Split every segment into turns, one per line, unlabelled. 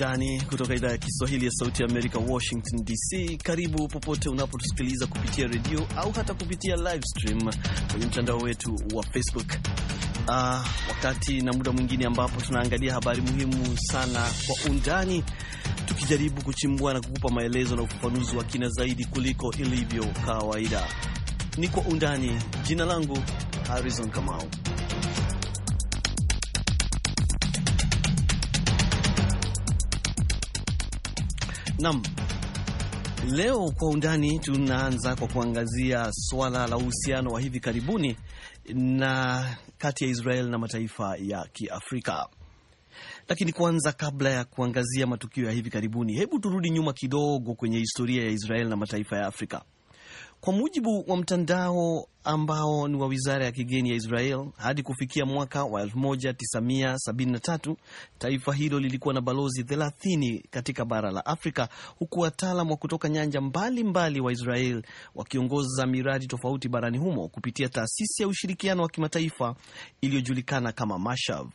Undani kutoka idhaa ya Kiswahili ya Sauti ya Amerika, Washington DC. Karibu popote unapotusikiliza kupitia redio au hata kupitia live stream kwenye mtandao wetu wa Facebook. Uh, wakati na muda mwingine ambapo tunaangalia habari muhimu sana kwa undani, tukijaribu kuchimbua na kukupa maelezo na ufafanuzi wa kina zaidi kuliko ilivyo kawaida. Ni kwa undani. Jina langu Harrison Kamau. Nam, leo kwa undani tunaanza kwa kuangazia swala la uhusiano wa hivi karibuni na kati ya Israel na mataifa ya Kiafrika. Lakini kwanza, kabla ya kuangazia matukio ya hivi karibuni, hebu turudi nyuma kidogo kwenye historia ya Israel na mataifa ya Afrika. Kwa mujibu wa mtandao ambao ni wa wizara ya kigeni ya Israel, hadi kufikia mwaka wa 1973 taifa hilo lilikuwa na balozi 30 katika bara la Afrika, huku wataalam wa kutoka nyanja mbalimbali mbali wa Israel wakiongoza miradi tofauti barani humo kupitia taasisi ya ushirikiano wa kimataifa iliyojulikana kama Mashav.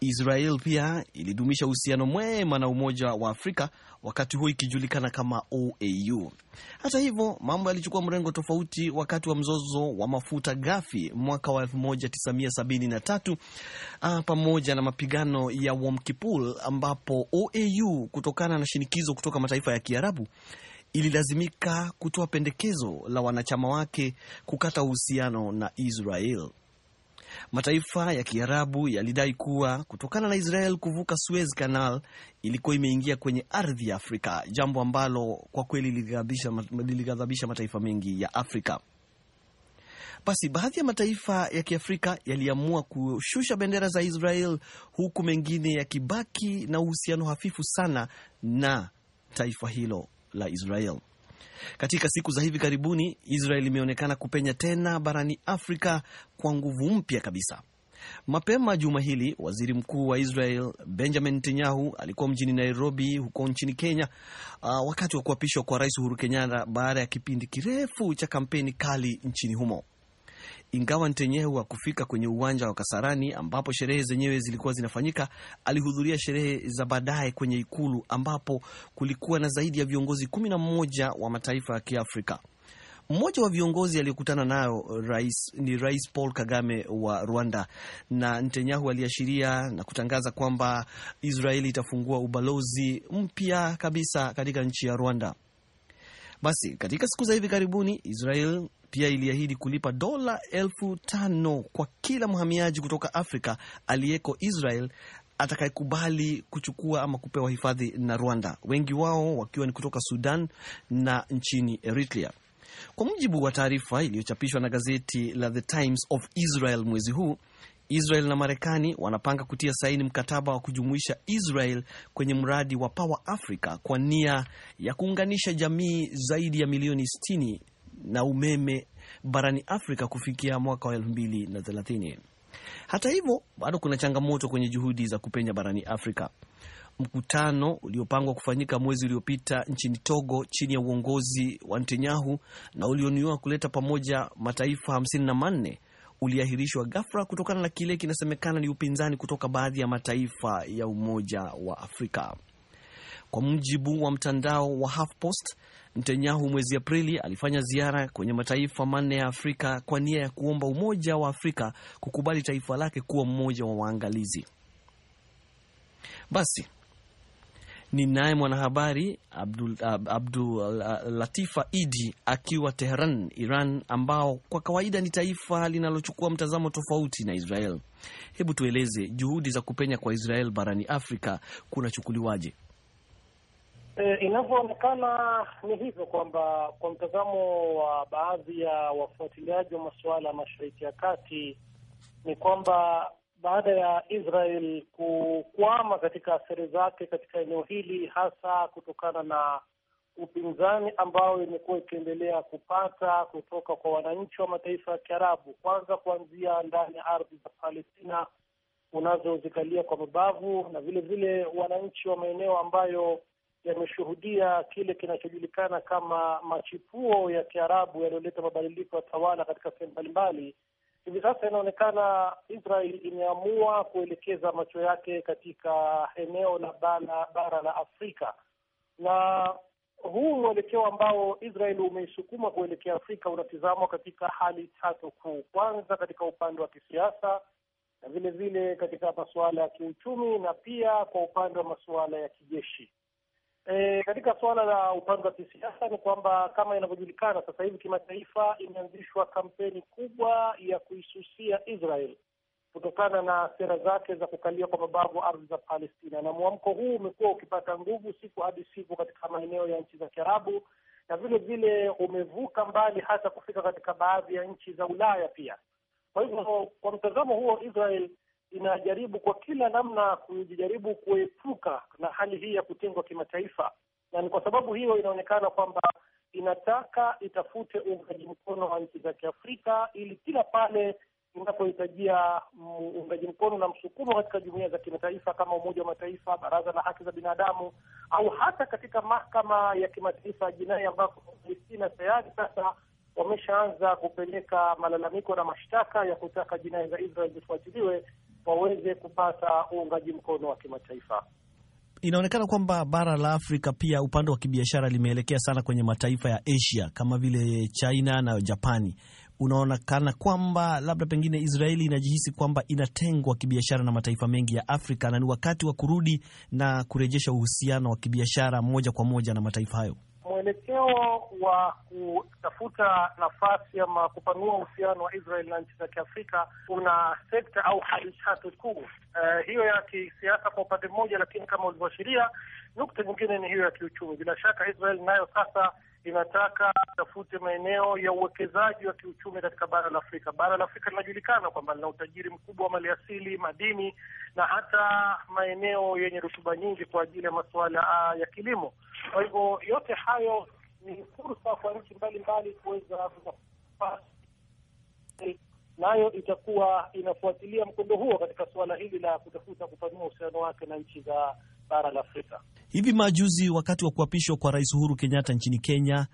Israel pia ilidumisha uhusiano mwema na Umoja wa Afrika wakati huo ikijulikana kama OAU. Hata hivyo, mambo yalichukua mrengo tofauti wakati wa mzozo wa mafuta ghafi mwaka wa 1973 ah, pamoja na mapigano ya Yom Kippur, ambapo OAU kutokana na shinikizo kutoka mataifa ya Kiarabu ililazimika kutoa pendekezo la wanachama wake kukata uhusiano na Israel. Mataifa ya Kiarabu yalidai kuwa kutokana na Israel kuvuka Suez Canal ilikuwa imeingia kwenye ardhi ya Afrika, jambo ambalo kwa kweli lilighadhabisha mataifa mengi ya Afrika. Basi baadhi ya mataifa ya Kiafrika yaliamua kushusha bendera za Israel huku mengine yakibaki na uhusiano hafifu sana na taifa hilo la Israel. Katika siku za hivi karibuni, Israel imeonekana kupenya tena barani Afrika kwa nguvu mpya kabisa. Mapema juma hili waziri mkuu wa Israel Benjamin Netanyahu alikuwa mjini Nairobi huko nchini Kenya, uh, wakati wa kuapishwa kwa rais Uhuru Kenyatta baada ya kipindi kirefu cha kampeni kali nchini humo. Ingawa Netanyahu hakufika kwenye uwanja wa Kasarani ambapo sherehe zenyewe zilikuwa zinafanyika, alihudhuria sherehe za baadaye kwenye ikulu ambapo kulikuwa na zaidi ya viongozi kumi na mmoja wa mataifa ya Kiafrika. Mmoja wa viongozi aliyokutana nayo rais, ni Rais Paul Kagame wa Rwanda, na Netanyahu aliashiria na kutangaza kwamba Israeli itafungua ubalozi mpya kabisa katika nchi ya Rwanda. Basi katika siku za hivi karibuni, Israel pia iliahidi kulipa dola elfu tano kwa kila mhamiaji kutoka Afrika aliyeko Israel atakayekubali kuchukua ama kupewa hifadhi na Rwanda, wengi wao wakiwa ni kutoka Sudan na nchini Eritrea. Kwa mujibu wa taarifa iliyochapishwa na gazeti la The Times of Israel mwezi huu, Israel na Marekani wanapanga kutia saini mkataba wa kujumuisha Israel kwenye mradi wa Power Africa kwa nia ya kuunganisha jamii zaidi ya milioni 60 na umeme barani Afrika kufikia mwaka wa 2030. Hata hivyo, bado kuna changamoto kwenye juhudi za kupenya barani Afrika. Mkutano uliopangwa kufanyika mwezi uliopita nchini Togo chini ya uongozi wa Netanyahu na ulionuiwa kuleta pamoja mataifa 54 uliahirishwa ghafla kutokana na kile kinasemekana ni upinzani kutoka baadhi ya mataifa ya Umoja wa Afrika. Kwa mujibu wa mtandao wa HuffPost, Netanyahu mwezi Aprili alifanya ziara kwenye mataifa manne ya Afrika kwa nia ya kuomba Umoja wa Afrika kukubali taifa lake kuwa mmoja wa waangalizi. Basi ni naye mwanahabari Abdul, Abdul Latifa Idi akiwa Tehran, Iran, ambao kwa kawaida ni taifa linalochukua mtazamo tofauti na Israel. Hebu tueleze juhudi za kupenya kwa Israel barani Afrika kunachukuliwaje?
E, inavyoonekana ni hivyo kwamba kwa mtazamo wa baadhi ya wafuatiliaji wa masuala ya Mashariki ya Kati ni kwamba baada ya Israel kukwama katika sera zake katika eneo hili, hasa kutokana na upinzani ambao imekuwa ikiendelea kupata kutoka kwa wananchi wa mataifa ya Kiarabu, kwanza kuanzia ndani ya ardhi za Palestina unazozikalia kwa mabavu, na vile vile wananchi wa maeneo ambayo yameshuhudia kile kinachojulikana kama machipuo ya Kiarabu yaliyoleta mabadiliko ya tawala katika sehemu mbalimbali Hivi sasa inaonekana Israel imeamua kuelekeza macho yake katika eneo la bara la Afrika, na huu mwelekeo ambao Israel umeisukuma kuelekea Afrika unatizamwa katika hali tatu kuu. Kwanza, katika upande wa kisiasa na vile vile katika masuala ya kiuchumi, na pia kwa upande wa masuala ya kijeshi. E, katika suala la upande wa kisiasa ni kwamba kama inavyojulikana sasa hivi kimataifa, imeanzishwa kampeni kubwa ya kuisusia Israel kutokana na sera zake za kukalia kwa mabavu ardhi za Palestina, na mwamko huu umekuwa ukipata nguvu siku hadi siku katika maeneo ya nchi za Kiarabu na vile vile umevuka mbali hata kufika katika baadhi ya nchi za Ulaya pia. Kwa hivyo, kwa mtazamo huo Israel inajaribu kwa kila namna kujaribu kuepuka na hali hii ya kutengwa kimataifa, na ni kwa sababu hiyo inaonekana kwamba inataka itafute uungaji mkono wa nchi za Kiafrika ili kila pale inapohitajia uungaji mkono na msukumo katika jumuiya za kimataifa kama Umoja wa Mataifa, Baraza la Haki za Binadamu au hata katika Mahakama ya Kimataifa ya Jinai ambapo Palestina tayari sasa wameshaanza kupeleka malalamiko na mashtaka ya kutaka jinai za Israel zifuatiliwe waweze kupata uungaji mkono wa kimataifa.
Inaonekana kwamba bara la Afrika pia upande wa kibiashara limeelekea sana kwenye mataifa ya Asia kama vile China na Japani. Unaonekana kwamba labda pengine Israeli inajihisi kwamba inatengwa kibiashara na mataifa mengi ya Afrika na ni wakati wa kurudi na kurejesha uhusiano wa kibiashara moja kwa moja na mataifa hayo
mwelekeo wa kutafuta nafasi ama kupanua uhusiano wa Israel na nchi za Kiafrika kuna sekta au hali tatu kuu, uh, hiyo ya kisiasa kwa upande mmoja, lakini kama ulivyoashiria, nukta nyingine ni hiyo ya kiuchumi. Bila shaka Israel nayo sasa inataka tafute maeneo ya uwekezaji wa kiuchumi katika bara la Afrika. Bara la Afrika linajulikana kwamba lina utajiri mkubwa wa maliasili, madini na hata maeneo yenye rutuba nyingi kwa ajili ya masuala ah, ya kilimo. Kwa hivyo yote hayo ni fursa kwa nchi mbalimbali kuweza nayo itakuwa inafuatilia mkondo huo katika suala hili la kutafuta kupanua uhusiano wake na nchi za bara la Afrika.
Hivi majuzi wakati wa kuapishwa kwa Rais Uhuru Kenyatta nchini Kenya,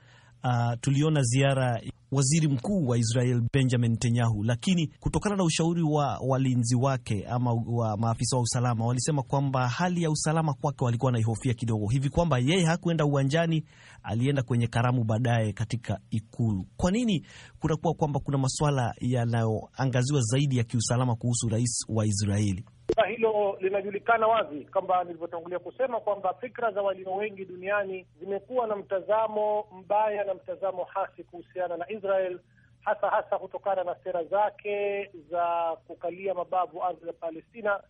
uh, tuliona ziara waziri mkuu wa Israel Benjamin Netanyahu, lakini kutokana na ushauri wa walinzi wake ama wa maafisa wa usalama walisema kwamba hali ya usalama kwake walikuwa wanaihofia kidogo, hivi kwamba yeye hakuenda uwanjani, alienda kwenye karamu baadaye katika Ikulu. Kwa nini kunakuwa kwamba kuna maswala yanayoangaziwa zaidi ya kiusalama kuhusu rais wa Israeli?
Na hilo linajulikana wazi kwamba nilivyotangulia kusema kwamba fikra za walio wengi duniani zimekuwa na mtazamo mbaya na mtazamo hasi kuhusiana na Israel, hasa hasa kutokana na sera zake za kukalia mabavu ardhi za Palestina,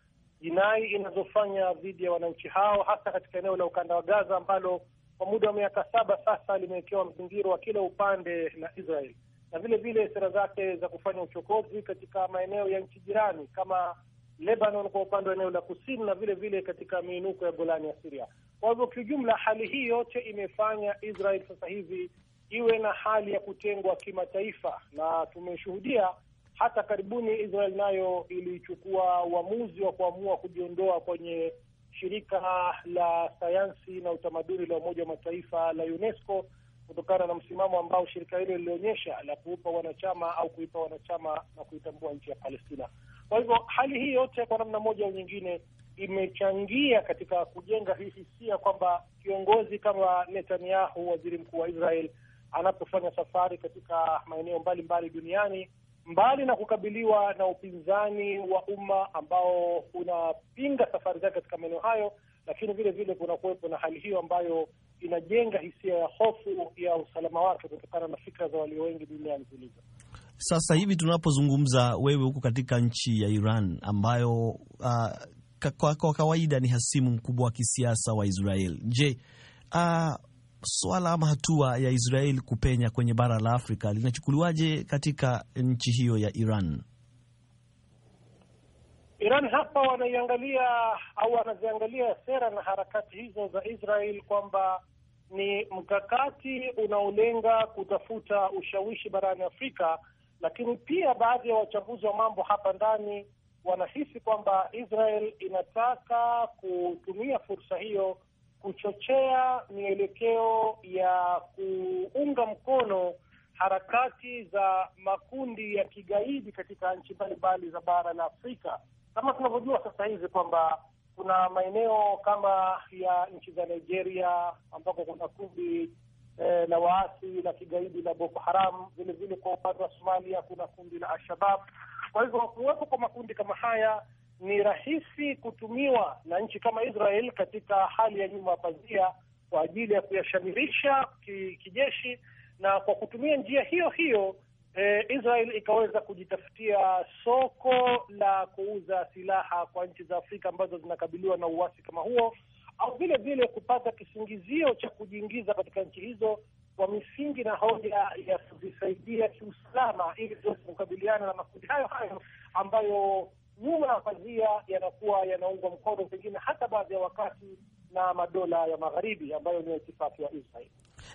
jinai inazofanya dhidi ya wananchi hao, hasa katika eneo la ukanda wa Gaza ambalo kwa muda wa miaka saba sasa limewekewa mzingiro wa kila upande na Israel, na vile vile sera zake za kufanya uchokozi katika maeneo ya nchi jirani kama Lebanon kwa upande wa eneo la kusini na vile vile katika miinuko ya Golani ya Syria. Kwa hivyo kijumla hali hii yote imefanya Israel sasa hivi iwe na hali ya kutengwa kimataifa, na tumeshuhudia hata karibuni Israel nayo ilichukua uamuzi wa kuamua kujiondoa kwenye shirika la sayansi na utamaduni la Umoja wa Mataifa la UNESCO kutokana na msimamo ambao shirika hilo lilionyesha la kuupa wanachama au kuipa wanachama na kuitambua nchi ya Palestina.
Kwa hivyo hali
hii yote kwa namna moja au nyingine imechangia katika kujenga hii hisia kwamba kiongozi kama Netanyahu, waziri mkuu wa Israel, anapofanya safari katika maeneo mbalimbali duniani, mbali na kukabiliwa na upinzani wa umma ambao unapinga safari zake katika maeneo hayo, lakini vile vile kuna kuwepo na hali hiyo ambayo inajenga hisia ya hofu ya usalama wake kutokana na fikra za walio wengi duniani zilizo
sasa hivi tunapozungumza, wewe huko katika nchi ya Iran ambayo uh, kwa, kwa kawaida ni hasimu mkubwa wa kisiasa wa Israel. Je, uh, swala ama hatua ya Israel kupenya kwenye bara la Afrika linachukuliwaje katika nchi hiyo ya Iran?
Iran hapa wanaiangalia au wanaziangalia sera na harakati hizo za Israel kwamba ni mkakati unaolenga kutafuta ushawishi barani Afrika lakini pia baadhi ya wachambuzi wa mambo hapa ndani wanahisi kwamba Israel inataka kutumia fursa hiyo kuchochea mielekeo ya kuunga mkono harakati za makundi ya kigaidi katika nchi mbalimbali za bara la Afrika. Kama tunavyojua sasa hivi kwamba kuna maeneo kama ya nchi za Nigeria ambako kuna kundi eh, la waasi la kigaidi la Boko Haram. Vilevile kwa upande wa Somalia kuna kundi la Alshabab. Kwa hivyo kuwepo kwa makundi kama haya ni rahisi kutumiwa na nchi kama Israel katika hali ya nyuma ya pazia kwa ajili ya kuyashamirisha kijeshi, na kwa kutumia njia hiyo hiyo e, Israel ikaweza kujitafutia soko la kuuza silaha kwa nchi za Afrika ambazo zinakabiliwa na uasi kama huo au vile vile kupata kisingizio cha kujiingiza katika nchi hizo kwa misingi na hoja ya kuzisaidia kiusalama ili ziweze kukabiliana na makundi hayo hayo ambayo nyuma ya pazia yanakuwa yanaungwa mkono pengine hata baadhi ya wakati na madola ya magharibi ambayo ni itifaki ya Israel.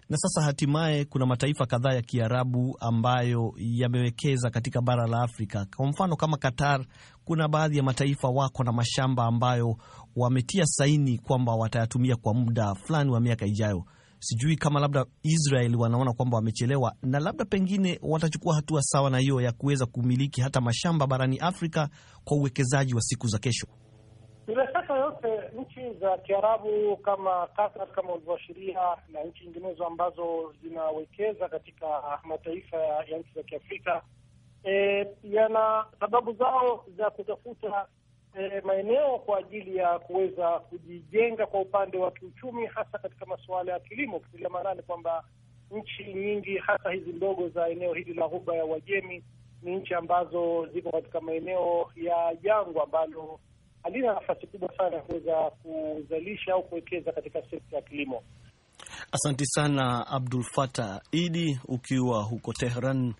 Na sasa hatimaye kuna mataifa kadhaa ya Kiarabu ambayo yamewekeza katika bara la Afrika. Kwa mfano kama Qatar, kuna baadhi ya mataifa wako na mashamba ambayo wametia saini kwamba watayatumia kwa muda fulani wa miaka ijayo. Sijui kama labda Israel wanaona kwamba wamechelewa, na labda pengine watachukua hatua sawa na hiyo ya kuweza kumiliki hata mashamba barani Afrika kwa uwekezaji wa siku za kesho.
Afrika yote nchi za Kiarabu kama Qatar kama ulivyoashiria na nchi nyinginezo ambazo zinawekeza katika mataifa ya nchi za Kiafrika e, yana sababu zao za kutafuta e, maeneo kwa ajili ya kuweza kujijenga kwa upande wa kiuchumi, hasa katika masuala ya kilimo, ukitilia maanani kwamba nchi nyingi hasa hizi ndogo za eneo hili la Ghuba ya Uajemi ni nchi ambazo ziko katika maeneo ya jangwa ambalo halina nafasi kubwa sana ya kuweza kuzalisha au kuwekeza katika sekta ya kilimo
asanti sana Abdul Fatah Idi ukiwa huko Tehran,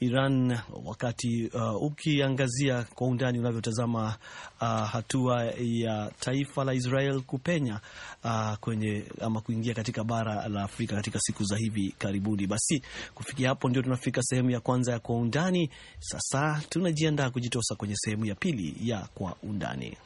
Iran. Wakati uh, ukiangazia kwa undani unavyotazama uh, hatua ya taifa la Israel kupenya uh, kwenye ama kuingia katika bara la Afrika katika siku za hivi karibuni. Basi kufikia hapo ndio tunafika sehemu ya kwanza ya kwa undani. Sasa tunajiandaa kujitosa kwenye sehemu ya pili ya kwa undani.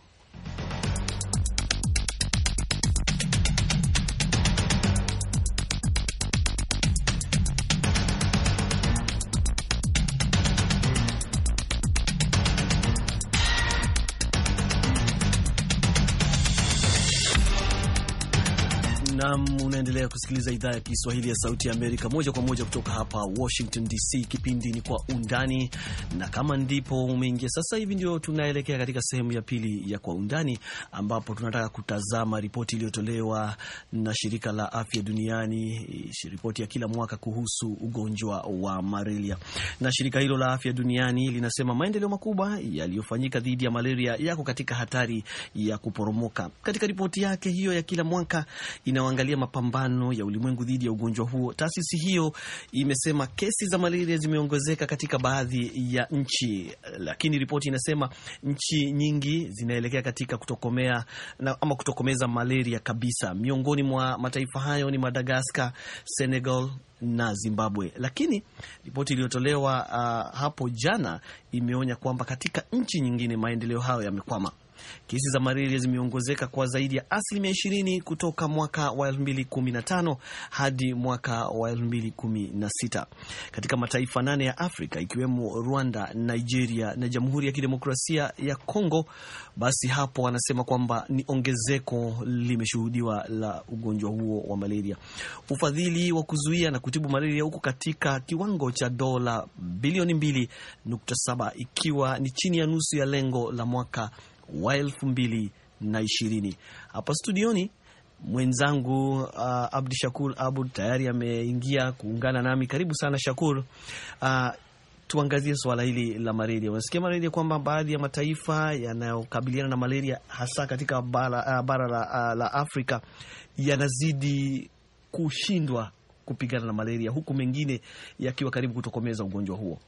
Unaendelea kusikiliza idhaa ya Kiswahili ya Sauti ya Amerika moja kwa moja kutoka hapa Washington DC. Kipindi ni Kwa Undani, na kama ndipo umeingia sasa hivi, ndio tunaelekea katika sehemu ya pili ya Kwa Undani, ambapo tunataka kutazama ripoti iliyotolewa na Shirika la Afya Duniani, ripoti ya kila mwaka kuhusu ugonjwa wa malaria. Na shirika hilo la afya duniani linasema maendeleo makubwa yaliyofanyika dhidi ya malaria yako katika hatari ya kuporomoka. Katika ripoti yake hiyo ya kila mwaka inaoangalia mapambano mapambano ya ulimwengu dhidi ya ugonjwa huo, taasisi hiyo imesema kesi za malaria zimeongezeka katika baadhi ya nchi, lakini ripoti inasema nchi nyingi zinaelekea katika kutokomea na, ama kutokomeza malaria kabisa. Miongoni mwa mataifa hayo ni Madagaskar, Senegal na Zimbabwe. Lakini ripoti iliyotolewa uh, hapo jana imeonya kwamba katika nchi nyingine maendeleo hayo yamekwama. Kesi za malaria zimeongezeka kwa zaidi ya asilimia ishirini kutoka mwaka wa 2015 hadi mwaka wa 2016 katika mataifa nane ya Afrika ikiwemo Rwanda, Nigeria na Jamhuri ya Kidemokrasia ya Kongo. Basi hapo wanasema kwamba ni ongezeko limeshuhudiwa la ugonjwa huo wa malaria. Ufadhili wa kuzuia na kutibu malaria huko katika kiwango cha dola bilioni 2.7 ikiwa ni chini ya nusu ya lengo la mwaka wa ishirini. Hapa studioni mwenzangu uh, Abdi Shakur Abud tayari ameingia kuungana nami. Karibu sana Shakur. Uh, tuangazie suala hili la malaria. Unasikia malaria kwamba baadhi ya mataifa yanayokabiliana na malaria hasa katika bara, uh, bara la, uh, la Afrika
yanazidi kushindwa kupigana na malaria huku mengine yakiwa karibu kutokomeza ugonjwa huo.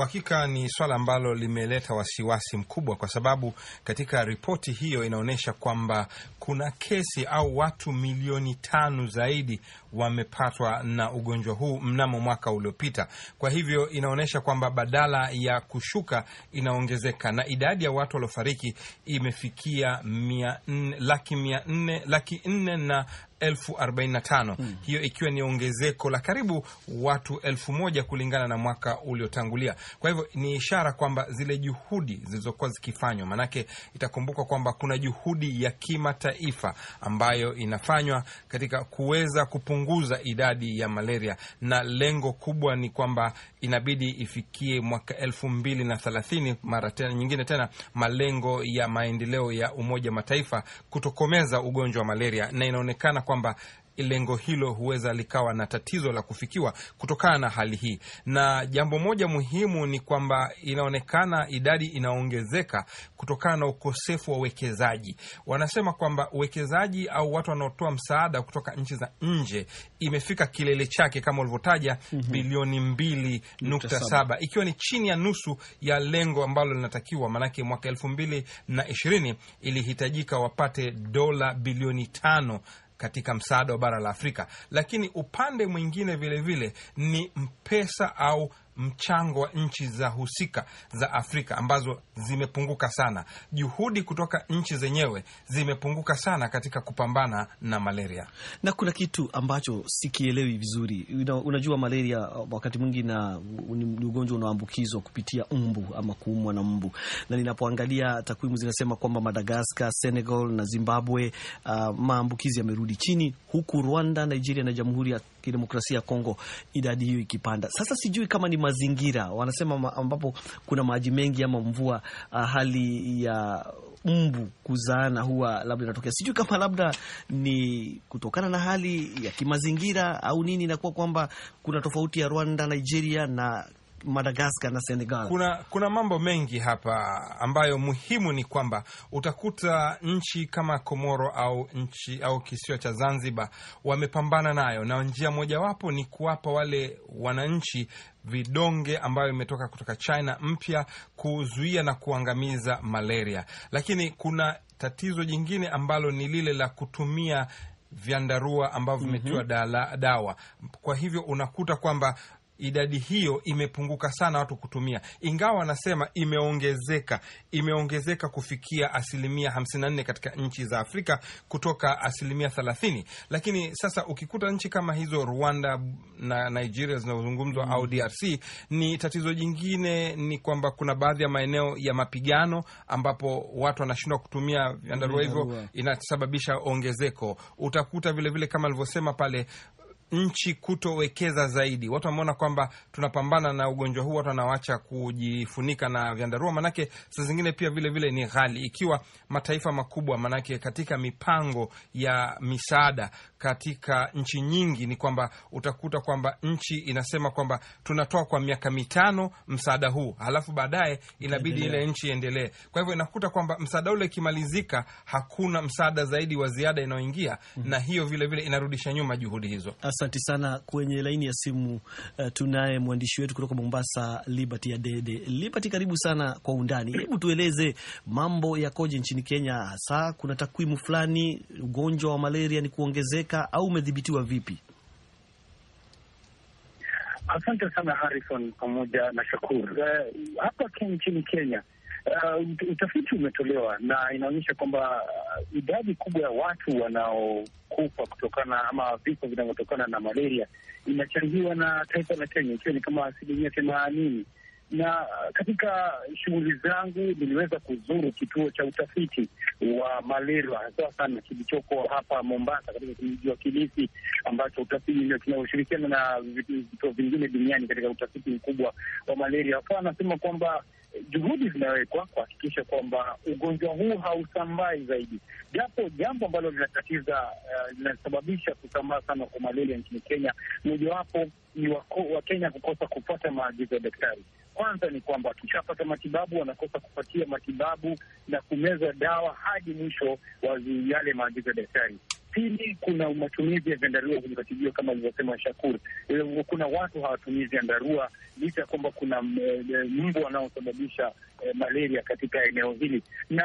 Kwa hakika ni swala ambalo limeleta wasiwasi mkubwa, kwa sababu katika ripoti hiyo inaonyesha kwamba kuna kesi au watu milioni tano zaidi wamepatwa na ugonjwa huu mnamo mwaka uliopita. Kwa hivyo inaonyesha kwamba badala ya kushuka inaongezeka, na idadi ya watu waliofariki imefikia mia nne, laki mia nne, laki nne na elfu arobaini na tano hmm. Hiyo ikiwa ni ongezeko la karibu watu elfu moja kulingana na mwaka uliotangulia. Kwa hivyo ni ishara kwamba zile juhudi zilizokuwa zikifanywa, maanake itakumbukwa kwamba kuna juhudi ya kimataifa ambayo inafanywa katika kuweza kupunguza kupunguza idadi ya malaria, na lengo kubwa ni kwamba inabidi ifikie mwaka elfu mbili na thelathini mara tena nyingine tena malengo ya maendeleo ya Umoja Mataifa kutokomeza ugonjwa wa malaria, na inaonekana kwamba lengo hilo huweza likawa na tatizo la kufikiwa kutokana na hali hii. Na jambo moja muhimu ni kwamba inaonekana idadi inaongezeka kutokana na ukosefu wa uwekezaji. Wanasema kwamba uwekezaji au watu wanaotoa msaada kutoka nchi za nje imefika kilele chake kama ulivyotaja, mm -hmm. bilioni mbili nukta saba ikiwa ni chini ya nusu ya lengo ambalo linatakiwa, maanake mwaka elfu mbili na ishirini ilihitajika wapate dola bilioni tano katika msaada wa bara la Afrika, lakini upande mwingine vilevile vile ni mpesa au mchango wa nchi za husika za Afrika ambazo zimepunguka sana. Juhudi kutoka nchi zenyewe zimepunguka sana katika kupambana na malaria.
Na kuna kitu ambacho sikielewi vizuri. Unajua, malaria uh, wakati mwingi na ni ugonjwa unaoambukizwa kupitia mbu ama kuumwa na mbu, na ninapoangalia takwimu zinasema kwamba Madagaskar, Senegal na Zimbabwe uh, maambukizi yamerudi chini, huku Rwanda, Nigeria na Jamhuri ya kidemokrasia ya Kongo, idadi hiyo ikipanda. Sasa sijui kama ni mazingira wanasema, ambapo kuna maji mengi ama mvua, ah, hali ya mbu kuzaana huwa labda inatokea. Sijui kama labda ni kutokana na hali ya kimazingira au nini, inakuwa kwamba kuna tofauti ya Rwanda, Nigeria
na Madagascar na Senegal. Kuna, kuna mambo mengi hapa ambayo muhimu ni kwamba utakuta nchi kama Komoro au nchi au kisiwa cha Zanzibar wamepambana nayo, na njia mojawapo ni kuwapa wale wananchi vidonge ambayo imetoka kutoka China mpya kuzuia na kuangamiza malaria, lakini kuna tatizo jingine ambalo ni lile la kutumia vyandarua ambavyo vimetiwa mm -hmm. dawa. Kwa hivyo unakuta kwamba idadi hiyo imepunguka sana watu kutumia, ingawa wanasema imeongezeka, imeongezeka kufikia asilimia 54 katika nchi za Afrika kutoka asilimia 30. Lakini sasa ukikuta nchi kama hizo Rwanda na Nigeria zinazozungumzwa mm, au mm-hmm. DRC, ni tatizo jingine ni kwamba kuna baadhi ya maeneo ya mapigano ambapo watu wanashindwa kutumia vyandarua, mm-hmm. hivyo inasababisha ongezeko. Utakuta vilevile vile kama alivyosema pale nchi kutowekeza zaidi. Watu wameona kwamba tunapambana na ugonjwa huu, watu wanawacha kujifunika na vyandarua, manake saa zingine pia vilevile vile ni ghali, ikiwa mataifa makubwa, manake katika mipango ya misaada katika nchi nyingi ni kwamba utakuta kwamba nchi inasema kwamba tunatoa kwa miaka mitano msaada huu, halafu baadaye inabidi ile nchi iendelee. Kwa hivyo inakuta kwamba msaada ule ikimalizika, hakuna msaada zaidi wa ziada inayoingia, mhm. na hiyo vilevile vile inarudisha nyuma juhudi hizo. Asante sana.
Kwenye laini ya simu uh, tunaye mwandishi wetu kutoka Mombasa, Liberty Adede. Liberty, karibu sana kwa undani. Hebu tueleze mambo yakoje nchini Kenya, hasa kuna takwimu fulani, ugonjwa wa malaria ni kuongezeka au umedhibitiwa vipi?
Asante sana Harrison pamoja na Shakur. Uh, hapa nchini Kenya Uh, utafiti umetolewa na inaonyesha kwamba uh, idadi kubwa ya watu wanaokufa kutokana ama vifo vinavyotokana na malaria inachangiwa na taifa la Kenya, ikiwa ni kama asilimia themanini. Na uh, katika shughuli zangu niliweza kuzuru kituo cha utafiti wa malaria hasa sana kilichoko hapa Mombasa, katika kijiji wa Kilifi, ambacho utafiti kinaoshirikiana na vituo vingine duniani katika utafiti mkubwa wa malaria. Wakawa wanasema kwamba juhudi zinawekwa kuhakikisha kwamba ugonjwa huu hausambai zaidi, japo jambo ambalo linatatiza eh, linasababisha uh, kusambaa sana kwa malaria nchini Kenya. Mojawapo ni Wakenya kukosa kupata maagizo ya daktari. Kwanza ni kwamba wakishapata matibabu wanakosa kupatia matibabu na kumeza dawa hadi mwisho wa yale maagizo ya daktari. Pili, kuna matumizi ya vyandarua vilivyotibiwa kama alivyosema Shakur. Eh, kuna watu hawatumii vyandarua licha ya kwamba kuna eh, mbu wanaosababisha e, malaria katika eneo hili, na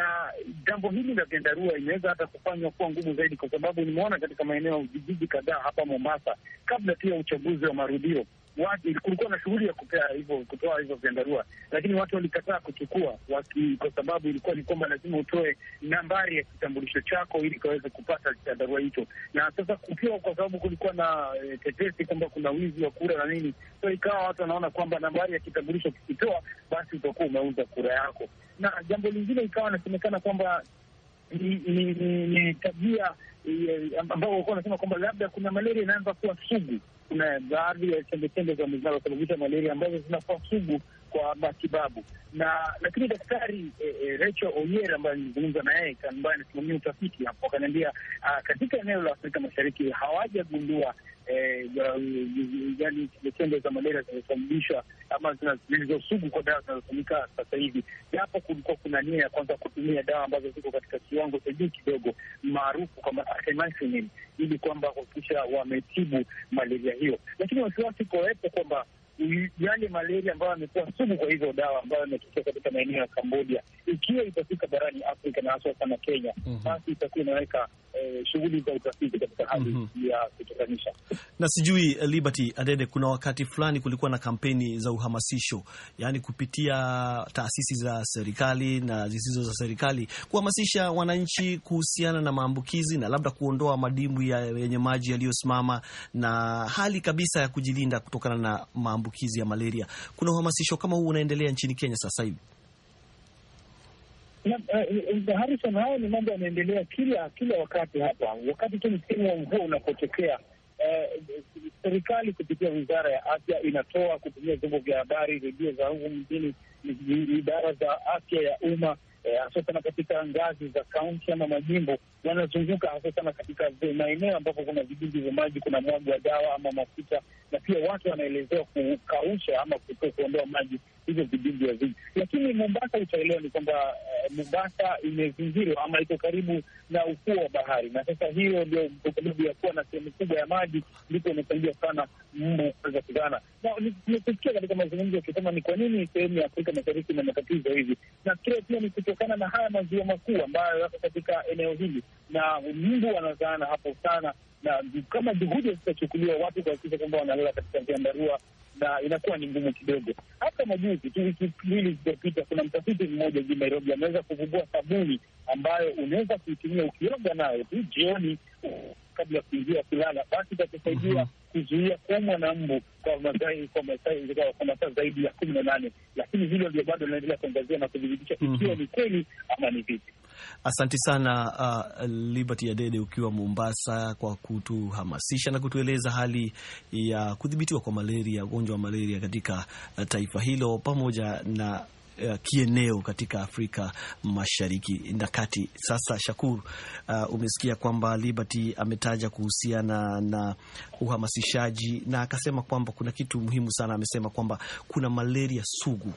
jambo hili la vyandarua imeweza hata kufanywa kuwa ngumu zaidi, kwa sababu nimeona katika maeneo vijiji kadhaa hapa Mombasa, kabla pia uchaguzi wa marudio watu, kulikuwa na shughuli ya kupea hivyo kutoa hivyo vyandarua, lakini watu walikataa kuchukua waki, kwa sababu ilikuwa ni kwamba lazima utoe nambari ya kitambulisho chako ili kaweze kupata chandarua hicho. Na sasa kukiwa, kwa sababu kulikuwa na e, tetesi kwamba kuna wizi wa kura na nini, so ikawa watu wanaona kwamba nambari ya kitambulisho kikitoa, basi utakuwa umeuza kura yako. Na jambo lingine ikawa nasemekana kwamba ni, ni, ni, ni tabia eh, ambao walikuwa wanasema kwamba labda kuna malaria inaanza kuwa sugu na baadhi ya chembechembe zinazosababisha malaria ambazo zinakuwa sugu kwa matibabu na lakini daktari eh, eh, Rachel Oyer ambaye nilizungumza na yeye ambaye anasimamia utafiti hapo akaniambia, ah, katika eneo la Afrika Mashariki hawajagundua yaani za malaria zinazosababisha ama zilizosugu kwa dawa zinazotumika sasa hivi, japo kulikuwa kuna nia ya kwanza kutumia dawa ambazo ziko katika kiwango cha juu kidogo maarufu kama artemisinin, ili kwamba kuhakikisha wametibu malaria hiyo, lakini wasiwasi kuwepo kwamba yale yaani malaria ambayo yamekuwa sugu kwa hizo dawa ambayo ametokea katika maeneo ya Kambodia, ikiwa itafika barani Afrika na haswa sana Kenya, mhm. basi itakuwa inaweka eh, shughuli za utafiti katika hali mhm. ya kutokanisha.
Na sijui eh, Liberty Adede, kuna wakati fulani kulikuwa na kampeni za uhamasisho, yani kupitia taasisi za serikali na zisizo za serikali kuhamasisha wananchi kuhusiana na maambukizi na labda kuondoa madimbwi yenye maji yaliyosimama na hali kabisa ya kujilinda kutokana na maambukizi maambukizi ya malaria. Kuna uhamasisho kama huu unaendelea nchini Kenya sasa hivi?
Uh, eh, eh, Harison, haya ni mambo yanaendelea kila kila wakati hapa, wakati tu msimu wa mvua unapotokea. Eh, serikali kupitia wizara ya afya inatoa kupitia vyombo vya habari, redio za humu mjini, idara za afya ya umma hasa eh, sana katika ngazi za kaunti ama majimbo, wanazunguka hasa sana katika maeneo ambapo kuna vijiji vya maji, kuna wa dawa ama mafuta, na pia watu wanaelezewa kukausha ama kuondoa maji hivyo vibingwa vingi. Lakini Mombasa utaelewa ni kwamba uh, Mombasa imezingirwa ama iko karibu na ufuo wa bahari, na sasa hiyo ndio kwa sababu ya kuwa na sehemu kubwa ya maji, ndipo imesaidia sana mbu kuweza kuzana. Na nimekusikia katika mazungumzo akisema ni kwa nini sehemu ya Afrika Mashariki na matatizo hivi. Nafikiria pia ni kutokana na haya maziwa makuu ambayo yako katika eneo hili, na mbu wanazaana hapo sana, na kama juhudi zitachukuliwa watu kuhakikisha kwamba wanalala katika vyandarua na inakuwa ni ngumu kidogo. Hata majuzi tu, wiki mbili zilizopita, kuna mtafiti mmoja jijini Nairobi ameweza kuvumbua sabuni ambayo unaweza kuitumia ukioga nayo tu jioni kabla ya kuingia kulala, basi itatusaidia mhm. kuzuia kuumwa na mbu kwa Masai kwa masaa zaidi ya kumi na nane. Lakini hilo ndio bado linaendelea kuangazia na kudhibitisha mhm. ikiwa ni kweli ama ni
vipi. asanti sana uh, Liberty Adede ukiwa Mombasa kwa kutuhamasisha na kutueleza hali ya kudhibitiwa kwa malaria, ugonjwa wa malaria katika uh, taifa hilo pamoja na uh, kieneo katika Afrika Mashariki na Kati. Sasa Shakur, uh, umesikia kwamba Liberty ametaja kuhusiana na uhamasishaji na akasema kwamba kuna kitu muhimu sana, amesema kwamba kuna malaria sugu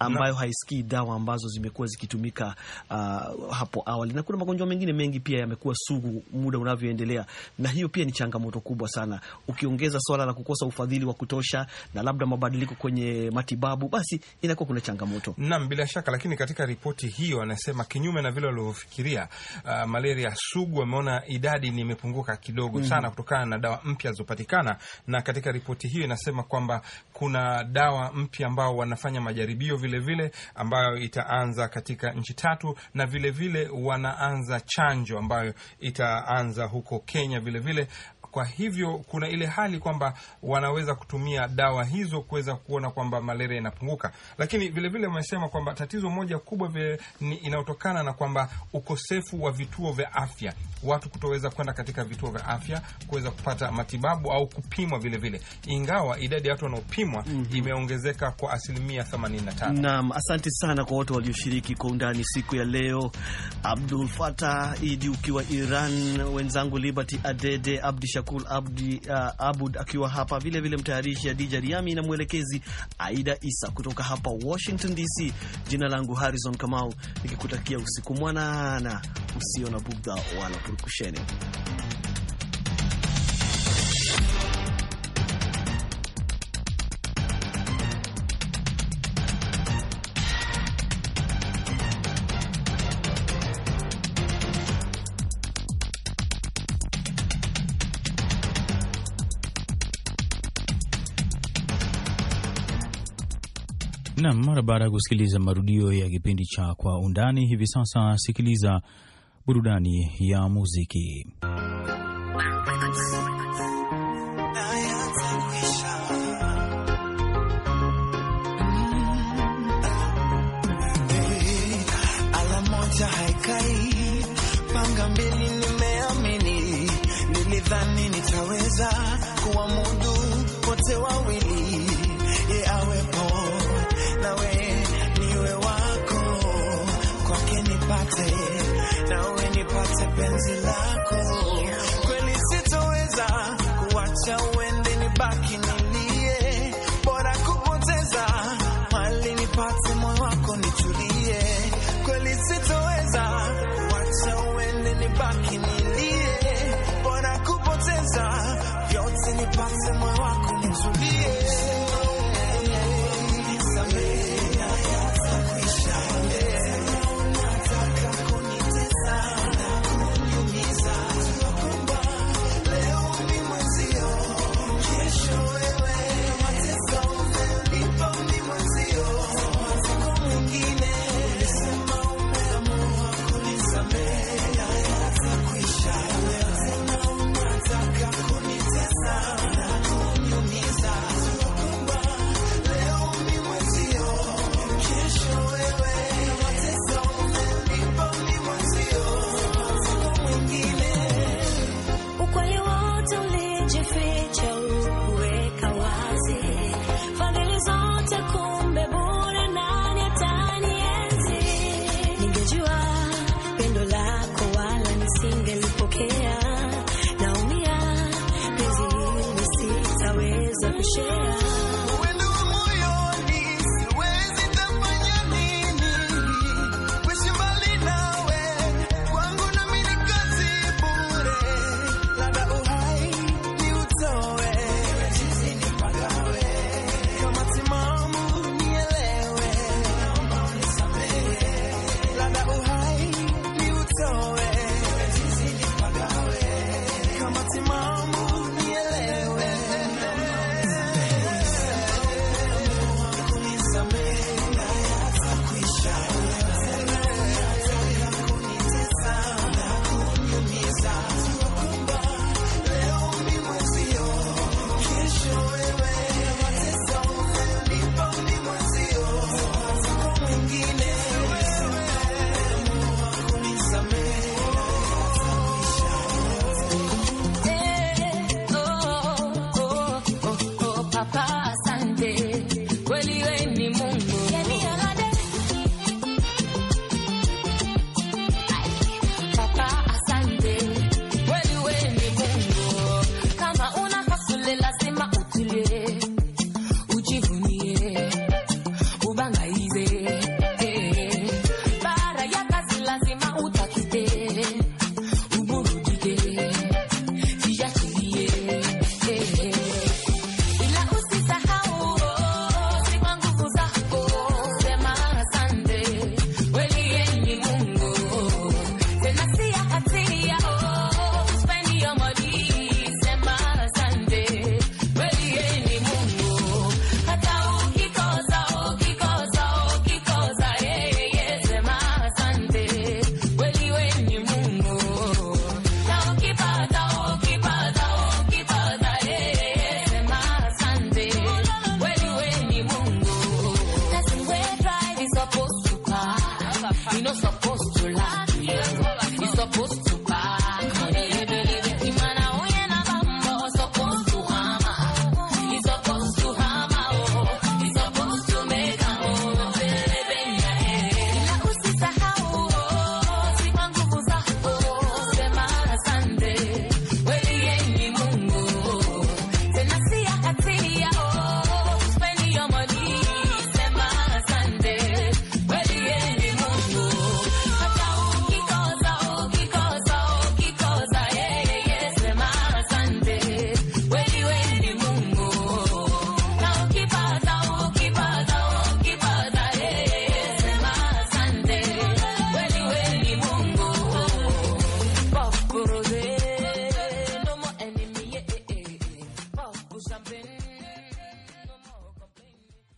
ambayo haisikii dawa ambazo zimekuwa zikitumika uh, hapo awali, na kuna magonjwa mengine mengi pia yamekuwa sugu muda unavyoendelea, na hiyo pia ni changamoto kubwa sana. Ukiongeza swala la kukosa ufadhili wa kutosha na labda mabadiliko kwenye matibabu, basi inakuwa kuna changamoto.
nam, bila shaka. Lakini katika ripoti hiyo anasema kinyume na vile walivyofikiria, uh, malaria sugu wameona idadi nimepunguka kidogo mm -hmm. sana kutokana na dawa mpya zilizopatikana, na katika ripoti hiyo inasema kwamba kuna dawa mpya ambao wanafanya majaribio vilevile vile, ambayo itaanza katika nchi tatu na vilevile vile wanaanza chanjo ambayo itaanza huko Kenya vilevile vile, kwa hivyo kuna ile hali kwamba wanaweza kutumia dawa hizo kuweza kuona kwamba malaria inapunguka, lakini vilevile wamesema vile kwamba tatizo moja kubwa inayotokana na kwamba ukosefu wa vituo vya afya, watu kutoweza kwenda katika vituo vya afya kuweza kupata matibabu au kupimwa vilevile, ingawa idadi ya watu wanaopimwa mm -hmm. imeongezeka kwa asilimia 85.
Naam, asante sana kwa watu walioshiriki kwa undani siku ya leo, Abdul Fatah Idi ukiwa Iran, wenzangu Liberty Adede Abdisha Shakul Abdi, uh, Abud akiwa hapa vilevile vile mtayarishi Adija Riami na mwelekezi Aida Isa kutoka hapa Washington DC. Jina langu Harrison Kamau nikikutakia usiku mwanana usio na bugdha wala purukusheni.
Nam, mara baada ya kusikiliza marudio ya kipindi cha Kwa Undani, hivi sasa sikiliza burudani ya muziki.
panga mbili, nimeamini nilidhani nitaweza
we not supposed to lie.